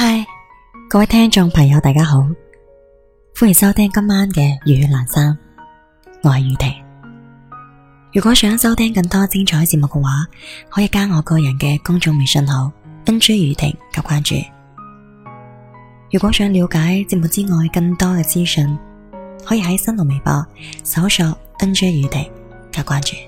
嗨，Hi, 各位聽眾朋友，大家好，歡迎收聽今晚嘅雨雪闌珊，我係雨婷。如果想收聽更多精彩節目嘅話，可以加我個人嘅公眾微信號 NJ 雨婷加關注。如果想了解節目之外更多嘅資訊，可以喺新浪微博搜索 NJ 雨婷加關注。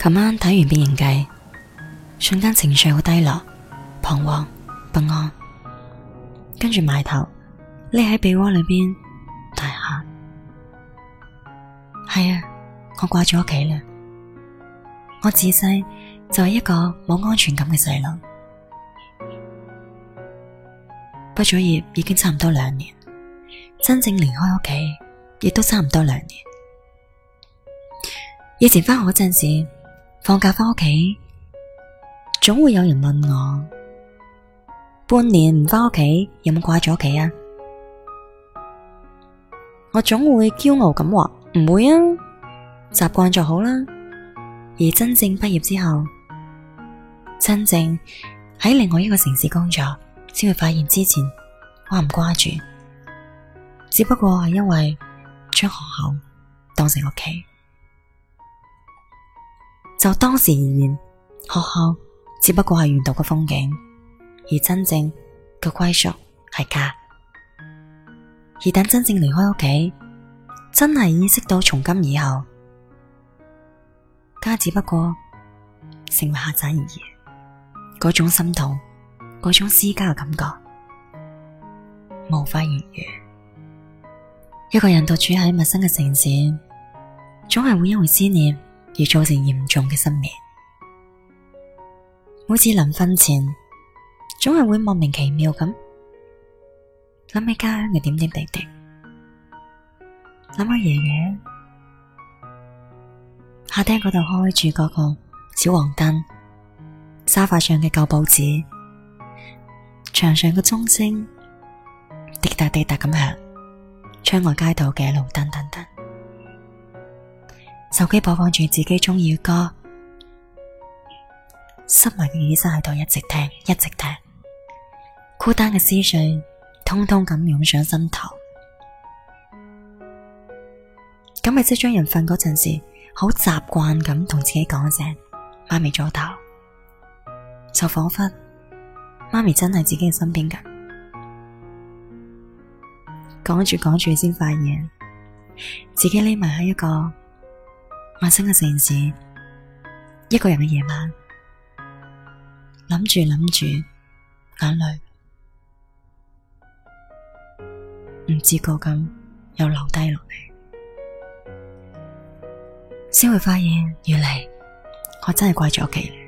琴晚睇完《變形記》，瞬間情緒好低落、彷徨、不安，跟住埋頭匿喺被窩裏邊大喊：係啊，我掛住屋企啦！我自細就係一個冇安全感嘅細路，畢咗業已經差唔多兩年，真正離開屋企亦都差唔多兩年。以前返學嗰陣時。放假翻屋企，總會有人問我：半年唔翻屋企，有冇掛住屋企啊？我總會驕傲咁話：唔會啊，習慣就好啦。而真正畢業之後，真正喺另外一個城市工作，先會發現之前我唔掛住，只不過係因為將學校當成屋企。就當時而言，學校只不過係沿途嘅風景，而真正嘅歸宿係家。而等真正離開屋企，真係意識到從今以後，家只不過成為客棧而已。嗰種心痛，嗰種思家嘅感覺，無法言喻。一個人獨處喺陌生嘅城市，總係會因為思念。而造成嚴重嘅失眠。每次臨瞓前，總係會莫名其妙咁諗起家鄉嘅點點滴滴，諗下爺爺客廳嗰度開住嗰個小黃燈，沙發上嘅舊報紙，牆上嘅鐘聲滴答滴答咁響，窗外街道嘅路燈等等等。手機播放住自己中意嘅歌，塞埋嘅耳塞喺度一直聽，一直聽，孤單嘅思緒通通咁湧上心頭。咁咪即將人瞓嗰陣時，好習慣咁同自己講一聲媽咪早唞，就仿佛媽咪真係自己嘅身邊噶。講住講住，先發現自己匿埋喺一個。陌生嘅城市，一個人嘅夜晚，諗住諗住，眼淚唔自覺咁又流低落嚟，先會發現原來我真係掛咗屋企。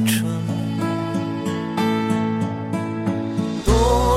春。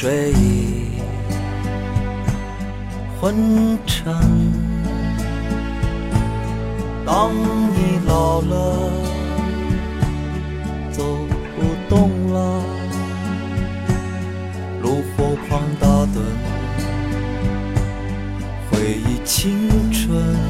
睡意昏沉，當你老了，走不動了，爐火旁打盹，回憶青春。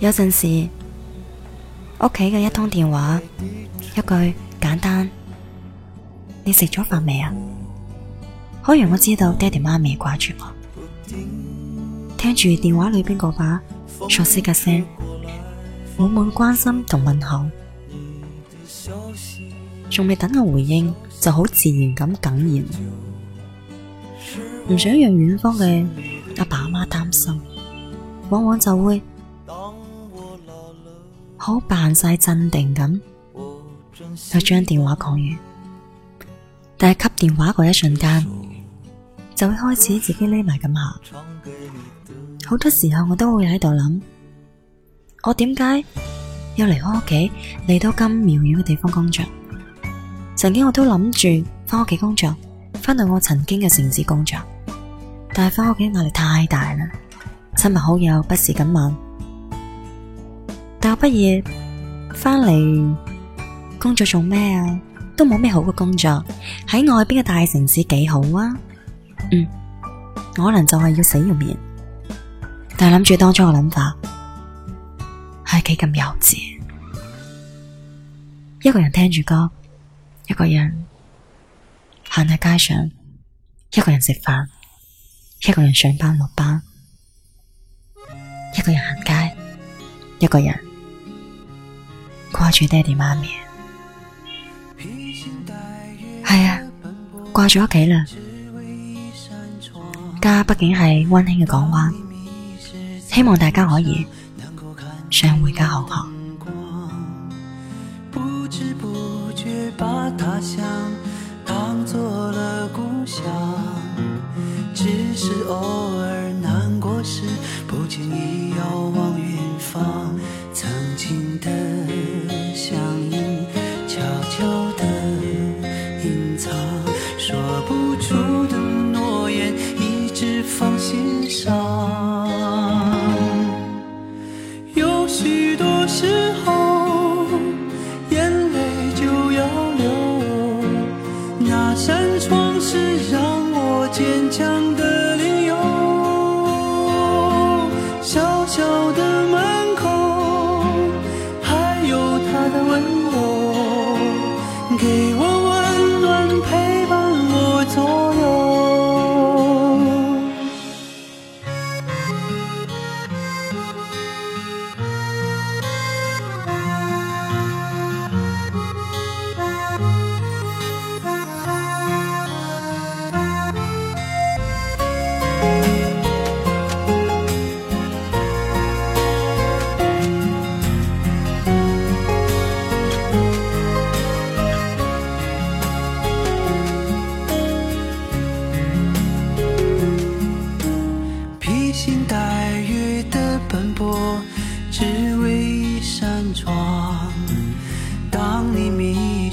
有陣時，屋企嘅一通電話，一句簡單，你食咗飯未啊？可讓我知道爹哋媽咪掛住我。聽住電話裏邊個把熟悉嘅聲，滿滿關心同問候，仲未等我回應，就好自然咁哽咽。唔想讓遠方嘅阿爸阿媽擔心，往往就會。好扮晒鎮定咁，就將電話講完，但係掛電話嗰一瞬間，就會開始自己匿埋咁行。好多時候我都會喺度諗，我點解要離開屋企嚟到咁遙遠嘅地方工作？曾經我都諗住返屋企工作，返到我曾經嘅城市工作，但係返屋企壓力太大啦，親朋好友不時咁問。大學畢業翻嚟工作做咩啊？都冇咩好嘅工作，喺外邊嘅大城市幾好啊？嗯，我可能就係要死要面，但係諗住當初嘅諗法係幾咁幼稚。一個人聽住歌，一個人行喺街上，一個人食飯，一個人上班落班，一個人行街，一個人，掛住爹哋媽咪，係、哎、啊，掛住屋企啦。家畢竟係溫馨嘅港灣，希望大家可以常回家看看。放心上。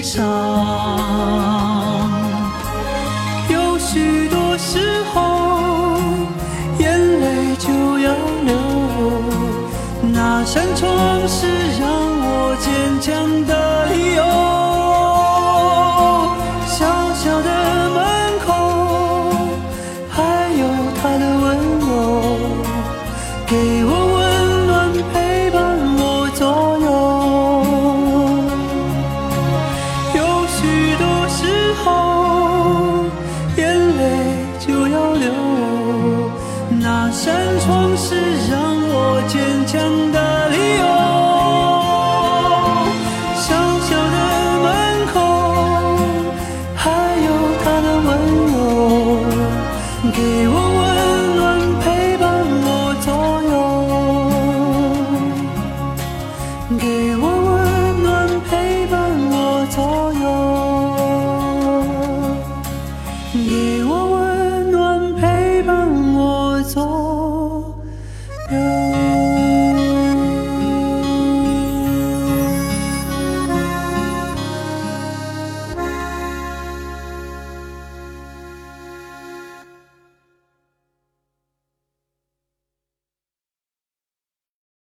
有許多時候，眼淚就要流。那扇窗。堅強的。